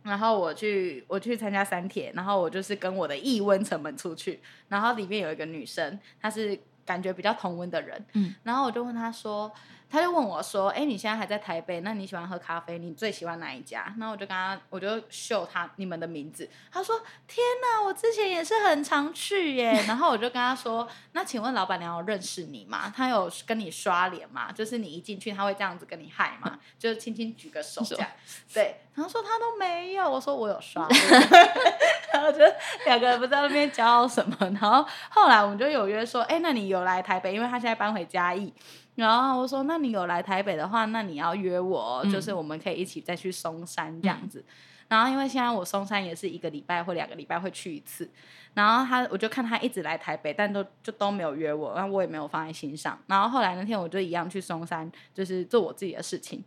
然後我去我去參加三鐵，然後我就是跟我的異溫層們出去，然後裡面有一個女生，她是感覺比較同溫的人，嗯，然後我就問她說。他就問我說：“哎、欸，你現在還在台北？那你喜歡喝咖啡？你最喜歡哪一家？”那我就跟他，我就秀他你們的名字。他說：“天哪，我之前也是很常去耶。”然後我就跟他說：“那請問老闆娘有認識你嗎？他有跟你刷臉嗎？就是你一進去，他會這樣子跟你嗨嗎？嗯、就是輕輕舉個手這樣。說”對，然後說他都沒有。我說我有刷。 <laughs> 然後就兩個人不知道那邊驕傲什麼。然後後來我們就有約說：“哎、欸，那你有來台北？因為他現在搬回嘉義。”然後我說：“那你有來台北的話，那你要約我，嗯、就是我們可以一起再去松山這樣子。嗯”然後因為現在我松山也是一個禮拜或兩個禮拜會去一次。然後他，我就看他一直來台北，但都就都沒有約我，然後我也沒有放在心上。然後後來那天，我就一樣去松山，就是做我自己的事情。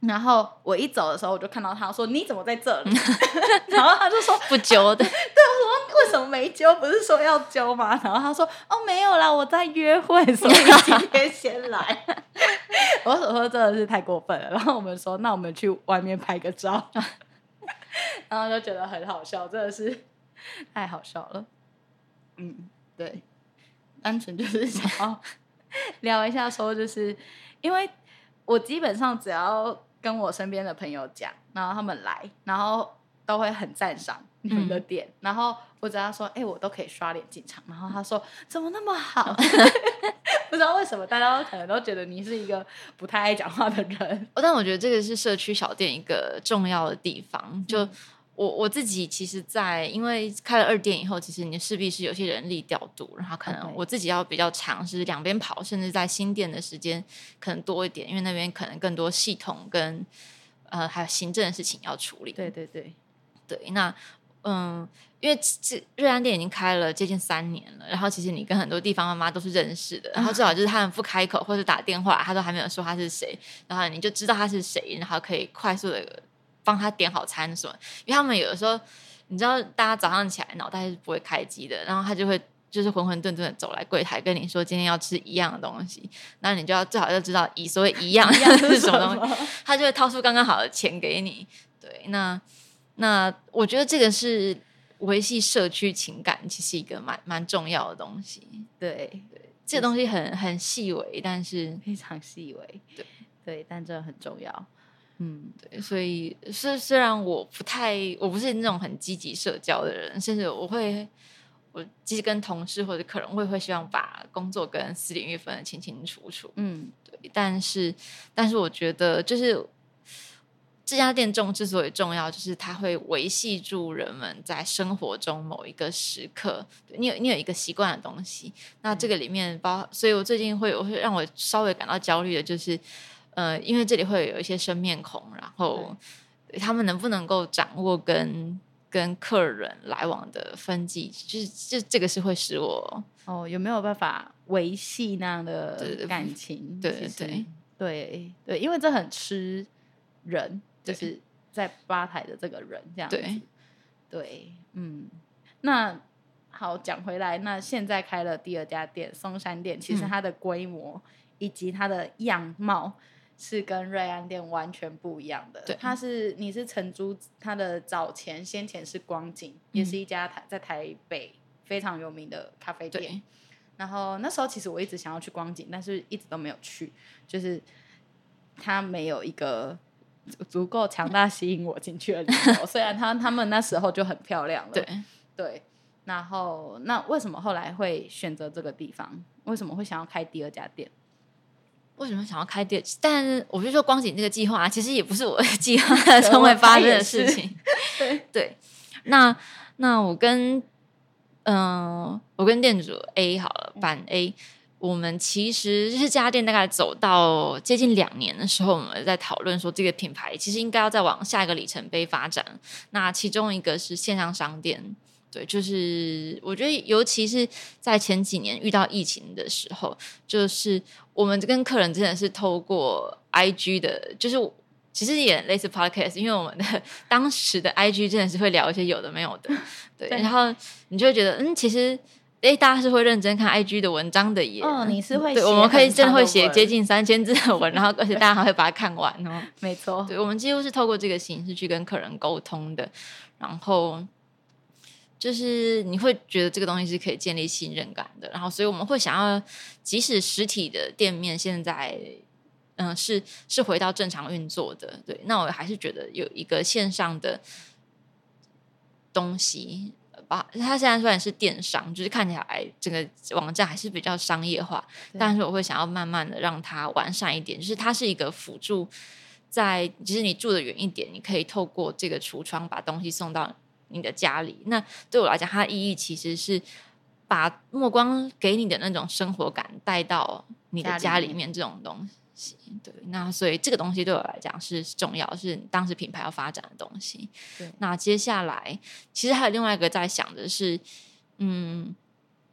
然後我一走的時候，我就看到他說：“你怎麼在這裡？” <laughs> <laughs> 然後他就說：“不久的， <laughs> 對，我說。”沒揪，不是說要揪嗎？然後他說：“哦，沒有啦，我在約會，所以今天先來。” <laughs> 我我說真的是太過分了。然後我們說：“那我們去外面拍個照。” <laughs> <laughs> 然後就覺得很好笑，真的是太好笑了。嗯，對， <laughs> 單純就是想要聊一下，說就是因為我基本上只要跟我身邊的朋友講，然後他們來，然後都會很讚賞。你的店，嗯，然後我只要說，哎、欸，我都可以刷臉進場，然後他說怎麼那麼好？ <laughs> <laughs> 不知道為什麼大家都可能都覺得你是一個不太愛講話的人，哦。但我覺得這個是社區小店一個重要的地方。就，嗯，我我自己其實在，在因為開了二店以後，其實你勢必是有些人力調度，然後可能我自己要比較常是兩邊跑，甚至在新店的時間可能多一點，因為那邊可能更多系統跟呃還有行政的事情要處理。對對對對，對那。嗯，因為這瑞安店已經開了接近三年了，然後其實你跟很多地方媽媽都是認識的，嗯、然後最好就是他們不開口或者打電話，他都還沒有說他是誰，然後你就知道他是誰，然後可以快速的幫他點好餐什麼，因為他們有的時候，你知道大家早上起來腦袋是不會開機的，然後他就會就是渾渾沌沌的走來櫃台跟你說今天要吃一樣的東西，那你就要最好就知道所謂一樣一樣是什麼東西， <laughs> 他就會掏出剛剛好的錢給你，對，那。那我覺得這個是維繫社區情感，其實是一個蠻蠻重要的東西。對，對，這個東西很很細微，但是非常細微。對對，但這很重要。嗯，對。所以，雖雖然我不太，我不是那種很積極社交的人，甚至我會，我即使跟同事或者客人我也會希望把工作跟私領域分得清清楚楚。嗯，對。但是，但是我覺得就是。這家店重，之所以重要，就是它會維繫住人們在生活中某一個時刻。你有你有一個習慣的東西，那這個裡面包，所以我最近會我會讓我稍微感到焦慮的，就是呃，因為這裡會有一些生面孔，然後對他們能不能夠掌握跟跟客人來往的分際，就是這這個是會使我哦，有沒有辦法維繫那樣的感情？對對對對對，因為這很吃人。對就是在吧台的這個人這樣子，對，對，嗯，那好講回來，那現在開了第二家店松山店，其實它的規模以及它的樣貌是跟瑞安店完全不一樣的。對它是你是承租，它的早前先前是光景，也是一家台在台北、嗯、非常有名的咖啡店。對然後那時候其實我一直想要去光景，但是一直都沒有去，就是它沒有一個。足夠強大吸引我進去了之後。 <laughs> 雖然他他們那時候就很漂亮了，對對。然後那為什麼後來會選擇這個地方？為什麼會想要開第二家店？為什麼想要開店？但我就說光景這個計劃、啊，其實也不是我的計劃，從未發生的事情。對，對那那我跟嗯、呃，我跟店主 A 好了，版 A。我們其實就是這家店大概走到接近兩年的時候，我們在討論說這個品牌其實應該要再往下一個里程碑發展。那其中一個是線上商店，對，就是我覺得尤其是在前幾年遇到疫情的時候，就是我們跟客人真的是透過 IG 的，就是其實也類似 podcast，因為我們的當時的 IG 真的是會聊一些有的沒有的，對，然後你就會覺得嗯，其實。哎，大家是會認真看 IG 的文章的耶。哦，你是會寫對，我們可以真的會寫接近三千字的文，對，然後而且大家還會把它看完哦。沒錯，對，我們幾乎是透過這個形式去跟客人溝通的。然後就是你會覺得這個東西是可以建立信任感的。然後所以我們會想要，即使實體的店面現在嗯、呃、是是回到正常運作的，對，那我還是覺得有一個線上的東西。啊，它現在雖然是電商，就是看起來整個網站還是比較商業化。對但是我會想要慢慢的讓它完善一點，就是它是一個輔助在，在其實你住的遠一點，你可以透過這個櫥窗把東西送到你的家裡。那對我來講，它的意義其實是把默光給你的那種生活感帶到你的家裡面，裡面這種東西。對，那所以這個東西對我來講是重要，是當時品牌要發展的東西。對那接下來，其實還有另外一個在想的是，嗯，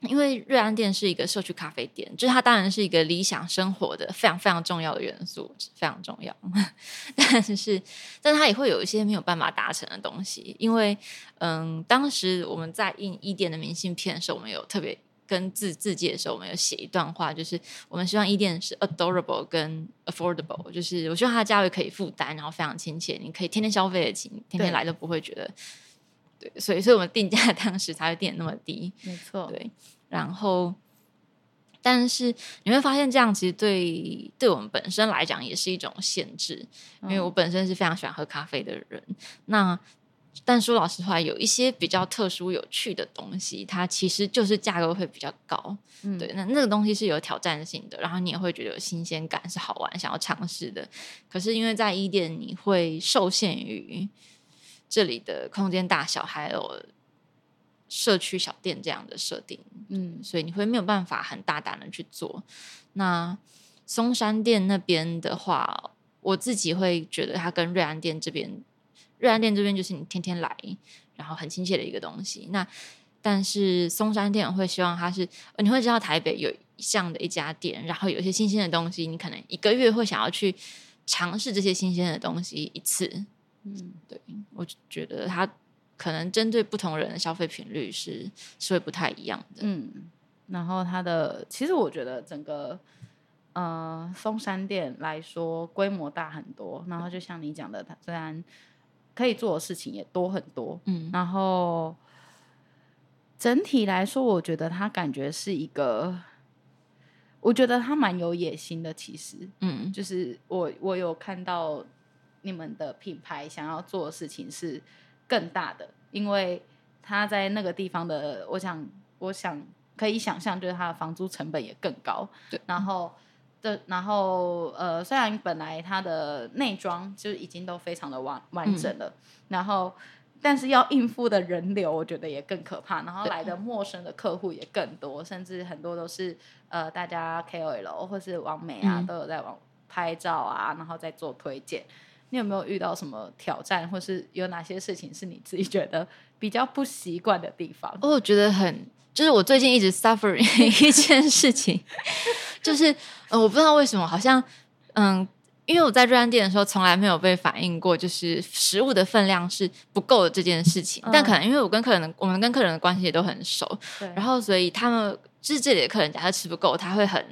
因為瑞安店是一個社區咖啡店，就是它當然是一個理想生活的非常非常重要的元素，非常重要。但是，但是它也會有一些沒有辦法達成的東西，因為嗯，當時我們在印一,一店的明信片的時候，我們有特別。跟自自介的時候，我們有寫一段話，就是我們希望伊店是 adorable 跟 affordable，就是我希望它的價位可以負擔，然後非常親切，你可以天天消費得起，天天來都不會覺得。對，所以所以我們定價當時才會定那麼低，沒錯。對，然後，但是你會發現這樣其實對對我們本身來講也是一種限制，嗯、因為我本身是非常喜歡喝咖啡的人。那但說老實話，有一些比較特殊、有趣的東西，它其實就是價格會比較高。嗯，對，那那個東西是有挑戰性的，然後你也會覺得有新鮮感，是好玩、想要嘗試的。可是因為，在一店，你會受限於這裡的空間大小，還有社區小店這樣的設定，嗯，所以你會沒有辦法很大膽的去做。那松山店那邊的話，我自己會覺得它跟瑞安店這邊。瑞然店這邊就是你天天來，然後很親切的一個東西。那但是松山店我會希望它是，你會知道台北有像的一家店，然後有一些新鮮的東西，你可能一個月會想要去嘗試這些新鮮的東西一次。嗯，對，我覺得它可能針對不同人的消費頻率是是會不太一樣的。嗯，然後它的其實我覺得整個呃松山店來說規模大很多，然後就像你講的，它對雖然可以做的事情也多很多，嗯，然後整體來說，我覺得他感覺是一個，我覺得他蠻有野心的。其實，嗯，就是我我有看到你們的品牌想要做的事情是更大的，因為他在那個地方的，我想我想可以想象，就是他的房租成本也更高，對，然後。然後，呃，雖然本來它的內裝就已經都非常的完、嗯、完整了，然後，但是要應付的人流，我覺得也更可怕。然後來的陌生的客戶也更多，對甚至很多都是呃，大家 KOL 或是網美啊，嗯、都有在網拍照啊，然後在做推薦。你有沒有遇到什麼挑戰，或是有哪些事情是你自己覺得比較不習慣的地方？我覺得很。就是我最近一直 suffering 一件事情， <laughs> 就是呃，我不知道為什麼，好像嗯，因為我在瑞安店的時候，從來沒有被反映過就是食物的分量是不夠的這件事情，嗯、但可能因為我跟客人的、我們跟客人的關係也都很熟，對然後所以他們就是這裡的客人，假如吃不夠，他會很。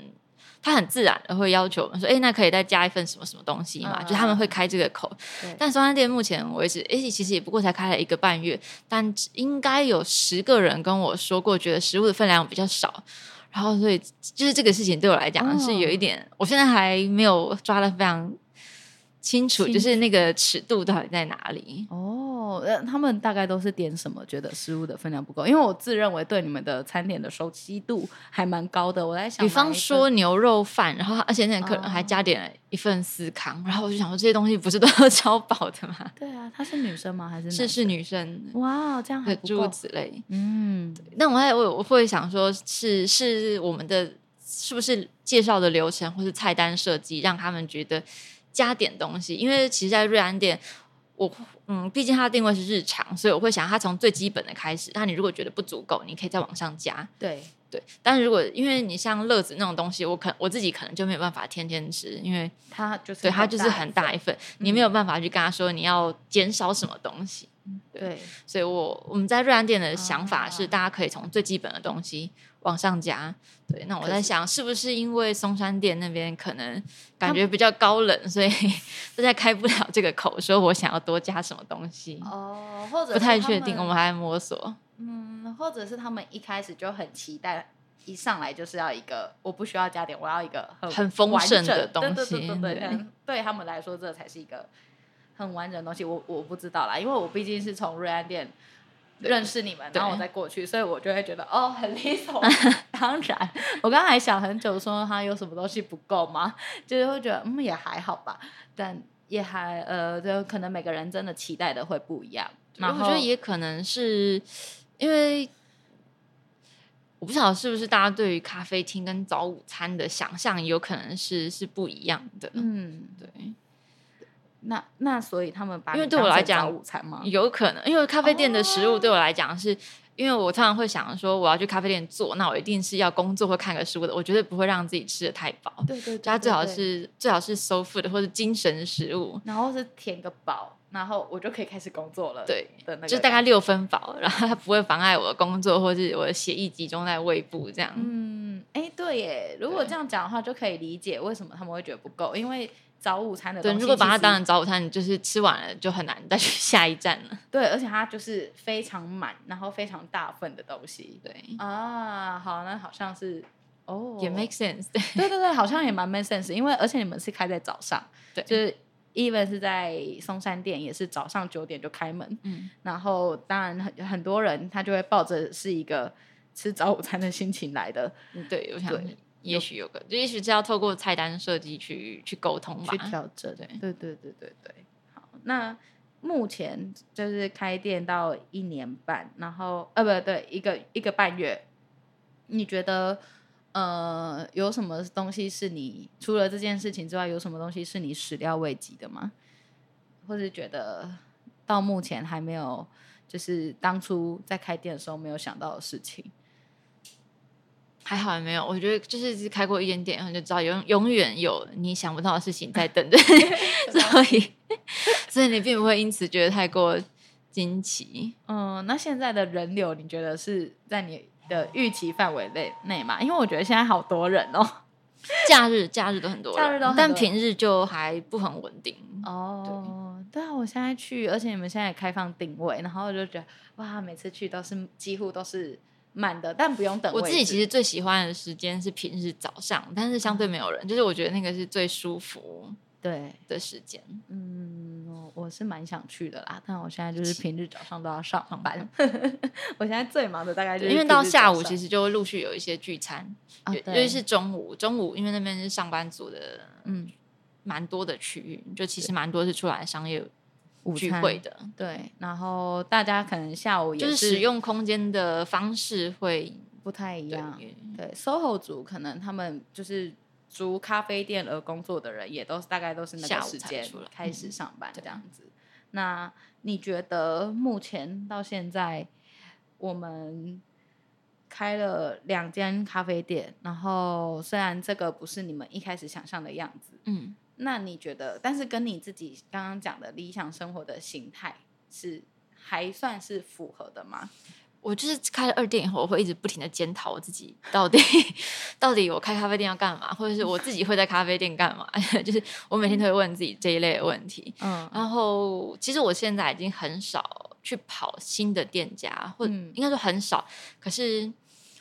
他很自然的會要求我們說：“誒，那可以再加一份什麼什麼東西嘛？”嗯嗯嗯，就他們會開這個口。對但松山店目前為止，誒，其實也不過才開了一個半月，但應該有十個人跟我說過，覺得食物的分量比較少。然後，所以就是這個事情對我來講是有一點，哦、我現在還沒有抓得非常。清楚，就是那個尺度到底在哪裡？哦，他們大概都是點什麼覺得食物的分量不夠？因為我自認為對你們的餐點的熟悉度還蠻高的。我在想，比方說牛肉飯，然後而且現在可能還加點一份司康，啊、然後我就想說這些東西不是都超飽的嗎？對啊，她是女生嗎？還是是是女生？哇，這樣還不夠之類。嗯，那我還我我會想說是，是是我們的是不是介紹的流程或是菜單設計讓他們覺得？加點東西，因為其實，在瑞安店，我嗯，畢竟它的定位是日常，所以我會想，它從最基本的開始。那你如果覺得不足夠，你可以再往上加。對對，但如果因為你像樂子那種東西，我可我自己可能就沒有辦法天天吃，因為它就是對，它就是很大一份，一份，嗯，你沒有辦法去跟他說你要減少什麼東西。對，對，所以我，我我們在瑞安店的想法是，大家可以從最基本的東西往上加。啊、對，對是那我在想，是不是因為松山店那邊可能感覺比較高冷，他所以大家開不了這個口，說我想要多加什麼東西？哦，或者不太確定，我們還在摸索。嗯，或者是他們一開始就很期待，一上來就是要一個，我不需要加點，我要一個很，很豐盛的東西。對，對，對，對，對，對，對，對他們來說，這才是一個很完整的東西，我我不知道啦，因為我畢竟是從瑞安店認識你們，對然後我再過去，對所以我就會覺得哦，很利索。啊、當然，我剛剛還想很久，說它，有什麼東西不夠嗎？就是會覺得嗯，也還好吧，但也還呃，就可能每個人真的期待的會不一樣。然後我覺得也可能是因為，我不曉得是不是大家對於咖啡廳跟早午餐的想象有可能是是不一樣的。嗯，對。那那所以他們把你的，因為對我來講午餐嗎？有可能，因為咖啡店的食物對我來講是，哦、因為我常常會想說我要去咖啡店坐，那我一定是要工作或看個書的，我絕對不會讓自己吃的太飽，對對、對、對、對對，大家最好是最好是 soft food 或是精神食物，然後是填個飽，然後我就可以開始工作了的那個，對，就大概六分飽，然後它不會妨礙我的工作，或是我的血液集中在胃部這樣，嗯，哎、欸、對耶，如果這樣講的話，就可以理解為什麼他們會覺得不夠，因為。早午餐的東西，對，其實，如果把它當成早午餐，你就是吃完了就很難再去下一站了。對，而且它就是非常滿，然後非常大份的東西。對啊，好，那好像是哦，oh, 也 make sense。對對對，好像也蠻 make sense，因為而且你們是開在早上，對，就是 even 是在松山店也是早上九點就開門。嗯，然後當然很很多人他就會抱着是一個吃早午餐的心情來的。嗯，對，我想對。有也許有個，就也許是要透過菜單設計去去溝通吧，去調整對，對對對對對好，那目前就是開店到一年半，然後呃、啊、不對，一個一個半月，你覺得呃有什麼東西是你除了這件事情之外，有什麼東西是你始料未及的嗎？或是覺得到目前還沒有，就是當初在開店的時候沒有想到的事情。還好還沒有，我覺得就是開過一點點，然後就知道永永遠有你想不到的事情在等着，對 <laughs> <laughs> 所以所以你並不會因此覺得太過驚奇。嗯，那現在的人流你覺得是在你的預期範圍內內嗎？因為我覺得現在好多人哦、喔，假日假日都很多人，假日都很多人。但平日就還不很穩定。哦，對啊，我現在去，而且你們現在也開放定位，然後我就覺得哇，每次去都是幾乎都是。滿的，但不用等。我自己其實最喜歡的時間是平日早上，但是相對沒有人，嗯、就是我覺得那個是最舒服對的時間。嗯，我是蠻想去的啦，但我現在就是平日早上都要上班。起 <laughs> 我現在最忙的大概就是，因為到下午其實就會陸續有一些聚餐，尤其，啊、是中午，中午因為那邊是上班族的，嗯，蠻多的區域，就其實蠻多是出來的商業午聚會的對，然後大家可能下午也是使用空間的方式會不太一樣。對，SOHO 組可能他們就是租咖啡店而工作的人，也都大概都是那個時間開始上班這樣子。下午才出來，嗯、那你覺得目前到現在，我們開了兩間咖啡店，然後雖然這個不是你們一開始想象的樣子，嗯。那你覺得，但是跟你自己剛剛講的理想生活的形態是還算是符合的嗎？我就是開了二店以後，我會一直不停的檢討我自己到底 <laughs> 到底我開咖啡店要幹嘛，或者是我自己會在咖啡店幹嘛？ <laughs> <laughs> 就是我每天都會問自己這一類的問題。嗯，然後其實我現在已經很少去跑新的店家，或、嗯、應該說很少。可是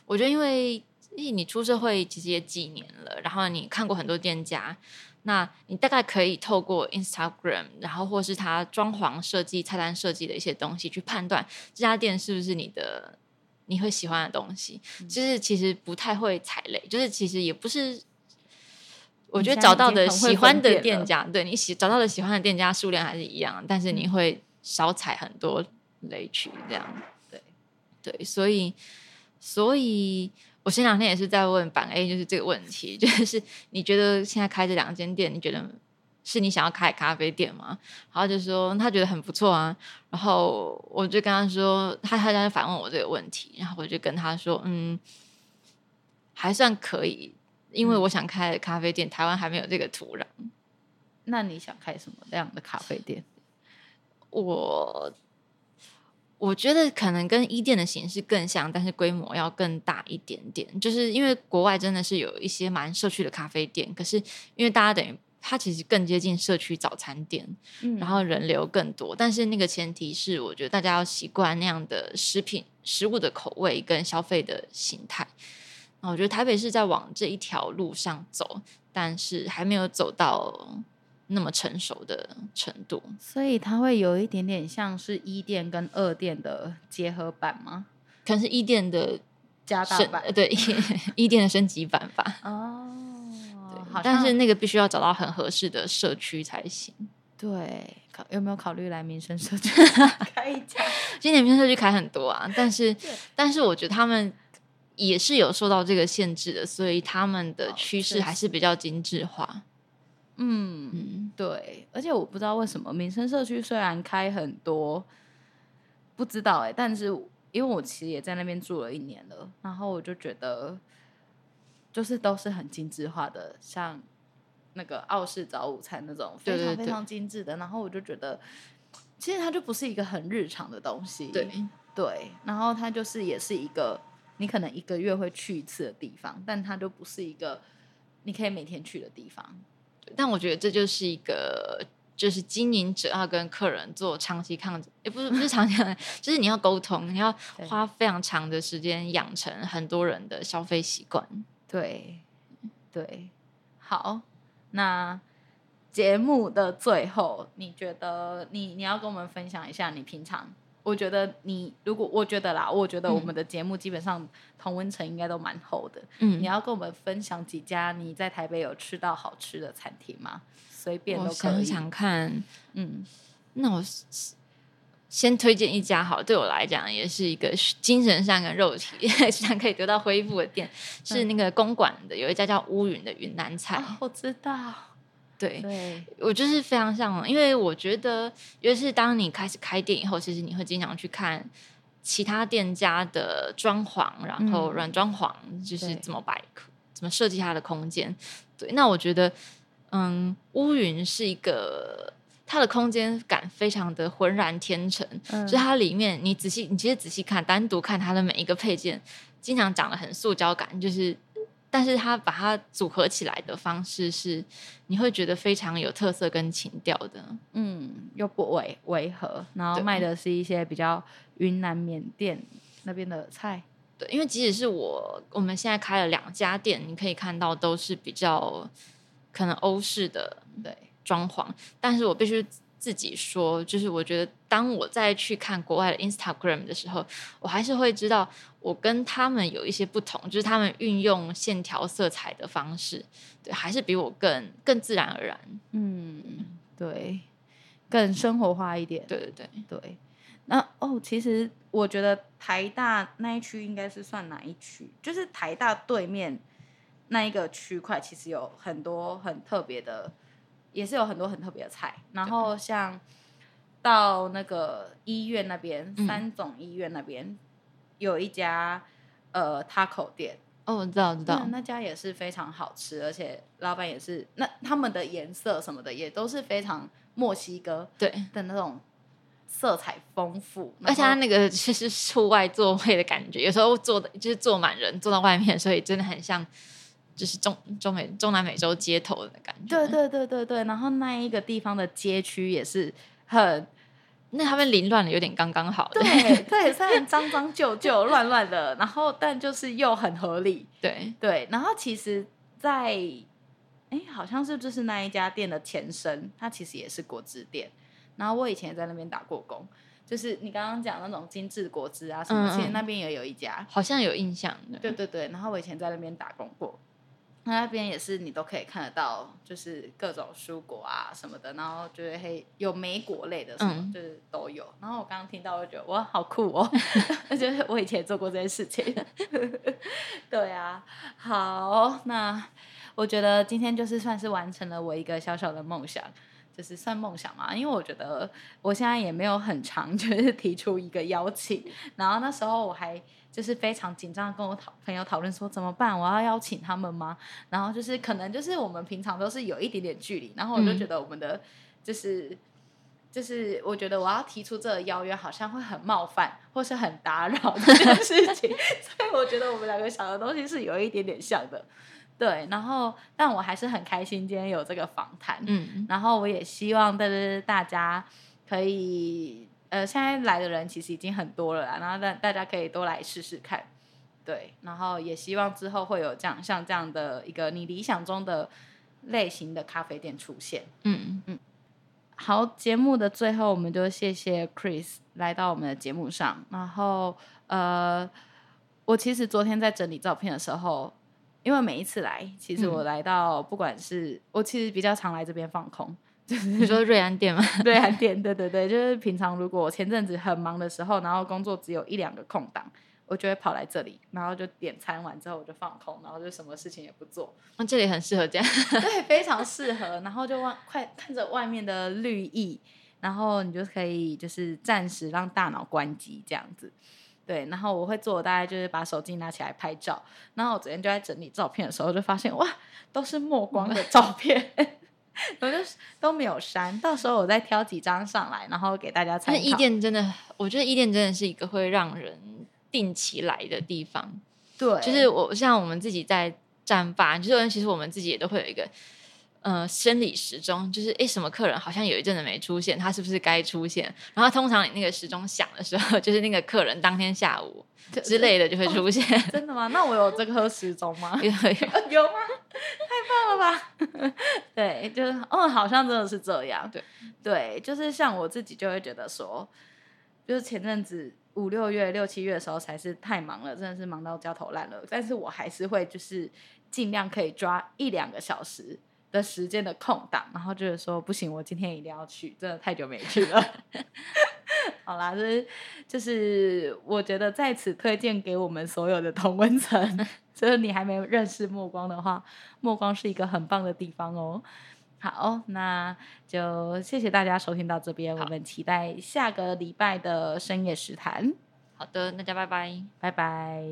我覺得因為，因為你出社會其實也幾年了，然後你看過很多店家。那你大概可以透過 Instagram，然後或是它裝潢設計、菜單設計的一些東西去判斷這家店是不是你的你會喜歡的東西。嗯，就是其實不太會踩雷，就是其實也不是，我覺得找到的喜歡的店家，你家對你喜找到的喜歡的店家數量還是一樣，但是你會少踩很多雷區，這樣對對，所以所以。我前兩天也是在問編 A，就是這個問題，就是你覺得現在開這兩間店，你覺得是你想要開咖啡店嗎？然後就說他覺得很不錯啊，然後我就跟他說，他他想反問我這個問題，然後我就跟他說，嗯，還算可以，因為我想開咖啡店，台灣還沒有這個土壤。那你想開什麼樣的咖啡店？我。我覺得可能跟一店的形式更像，但是規模要更大一點點。就是因為國外真的是有一些蠻社區的咖啡店，可是因為大家等於它其實更接近社區早餐店，嗯、然後人流更多。但是那個前提是，我覺得大家要習慣那樣的食品、食物的口味跟消費的形態。那我覺得台北是在往這一條路上走，但是還沒有走到。那麼成熟的程度，所以它會有一點點像是一店跟二店的結合版嗎？可能是一店的加大版，對一 <laughs> 店的升級版吧。哦，對像但是那個必須要找到很合適的社區才行。對，考，有沒有考慮來民生社區？今年民生社區開很多啊！但是對但是我覺得他們也是有受到這個限制的，所以他們的趨勢還是比較精緻化。嗯，對，而且我不知道為什麼民生社區雖然開很多，不知道哎、欸，但是因為我其實也在那邊住了一年了，然後我就覺得，就是都是很精致化的，像那個澳式早午餐那種非常非常精致的，對對對，然後我就覺得，其實它就不是一個很日常的東西，對，對，然後它就是也是一個你可能一個月會去一次的地方，但它就不是一個你可以每天去的地方。但我覺得這就是一個，就是經營者要跟客人做長期抗，也、欸，不是不是長期抗，就是你要溝通，你要花非常長的時間養成很多人的消費習慣。對，對，好，那節目的最後，你覺得你你要跟我們分享一下你平常。我覺得你如果我覺得啦，我覺得我們的節目基本上同溫層應該都蠻厚的。嗯，你要跟我們分享幾家你在台北有吃到好吃的餐廳嗎？隨便都可以。我想想看，嗯，那我先推薦一家好，對我來講也是一個精神上跟肉體上 <laughs> 可以得到恢復的店，嗯、是那個公館的有一家叫烏雲的雲南菜。啊、我知道。對，對我就是非常嚮往，因為我覺得，尤其是當你開始開店以後，其實你會經常去看其他店家的裝潢，然後軟裝潢、嗯、就是怎麼擺、對怎麼設計它的空間。對，那我覺得，嗯，烏雲是一個它的空間感非常的渾然天成，所以、嗯、它裡面你仔細，你其實仔細看，單獨看它的每一個配件，經常長得很塑膠感，就是。但是他把它組合起來的方式是，你會覺得非常有特色跟情調的，嗯，又不違違和，然後賣的是一些比較雲南、緬甸那邊的菜，對，因為即使是我，我們現在開了兩家店，你可以看到都是比較可能歐式的對裝潢，但是我必須。自己說，就是我覺得，當我再去看國外的 Instagram 的時候，我還是會知道我跟他們有一些不同，就是他們運用線條、色彩的方式，對，還是比我更更自然而然，嗯，對，更生活化一點，對對對對。對那哦，其實我覺得台大那一區應該是算哪一區？就是台大對面那一個區塊，其實有很多很特別的。也是有很多很特別的菜，然後像到那個醫院那邊，對三總醫院那邊、嗯、有一家呃 Taco 店哦，我知道，我知道那家，也是非常好吃，而且老闆也是，那他們的顏色什麼的也都是非常墨西哥，對的那種色彩豐富，對後而且他那個就是戶外座位的感覺，有時候坐的就是坐滿人，坐到外面，所以真的很像。就是中中美中南美洲街頭的感覺。對對對對對，然後那一個地方的街區也是很，那他們凌亂的有點剛剛好對。對對，雖然 <laughs> 髒髒舊舊 <laughs> 亂亂的，然後但就是又很合理。對對，然後其實在，在哎，好像是就是那一家店的前身，它其實也是果汁店。然後我以前在那邊打過工，就是你剛剛講的那種精緻果汁啊什麼，嗯嗯其實那邊也有一家，好像有印象的。對對對，然後我以前在那邊打工過。那邊也是，你都可以看得到，就是各種蔬果啊什麼的，然後就是黑有莓果類的，什麼，就是都有。嗯、然後我剛剛聽到，我就覺得哇，好酷哦！就是我以前也做過這件事情。對啊，好，那我覺得今天就是算是完成了我一個小小的夢想，就是算夢想嘛，因為我覺得我現在也沒有很長，就是提出一個邀請，然後那時候我還。就是非常緊張，跟我討朋友討論說怎麼辦？我要邀請他們嗎？然後就是可能就是我們平常都是有一點點距離，然後我就覺得我們的、嗯、就是就是我覺得我要提出這個邀約，好像會很冒犯或是很打擾這件事情。 <laughs> 所以我覺得我們兩個想的東西是有一點點像的。對，然後但我還是很開心今天有這個訪談。嗯，然後我也希望就是大家可以。呃，現在來的人其實已經很多了啦，然後大大家可以都來試試看，對，然後也希望之後會有這樣像這樣的一個你理想中的類型的咖啡店出現。嗯嗯好，節目的最後，我們就謝謝 Kris 來到我們的節目上。然後，呃，我其實昨天在整理照片的時候，因為每一次來，其實我來到不管是、嗯、我其實比較常來這邊放空。就是、你說瑞安店嗎？瑞安店，對對對，就是平常如果我前陣子很忙的時候，然後工作只有一兩個空檔，我就會跑來這裡，然後就點餐完之後我就放空，然後就什麼事情也不做。哦、這裡很適合這樣，對，非常適合。然後就望快看着外面的綠意，然後你就可以就是暫時讓大腦關機這樣子，對。然後我會做，大概就是把手機拿起來拍照。然後我昨天就在整理照片的時候，就發現哇，都是默光的照片。嗯 <laughs> 我就都沒有刪，到時候我再挑幾張上來，然後給大家參考。那伊甸真的，我覺得伊甸真的是一個會讓人定期來的地方。對，就是我像我們自己在戰法，就是其實我們自己也都會有一個。嗯、呃，生理時鐘就是哎什麼客人好像有一陣子沒出現，他是不是該出現？然後通常你那個時鐘響的時候，就是那個客人當天下午之類的就會出現。對對哦，真的嗎？那我有這顆時鐘嗎？ <laughs> 有有、呃、有嗎？太棒了吧！ <laughs> <laughs> 對，就是哦，好像真的是這樣。對對，就是像我自己就會覺得說，就是前陣子五六月六七月的時候才是太忙了，真的是忙到焦頭爛額，但是我還是會就是盡量可以抓一兩個小時的時間的空檔，然後就是說不行，我今天一定要去，真的太久沒去了。 <laughs> <laughs> 好啦，就是就是，我覺得在此推薦給我們所有的同溫層， <laughs> 就是你還沒有認識默光的話，默光是一個很棒的地方哦。好哦，那就謝謝大家收聽到這邊，好我們期待下個禮拜的深夜拾談。好的，大家拜拜，拜拜。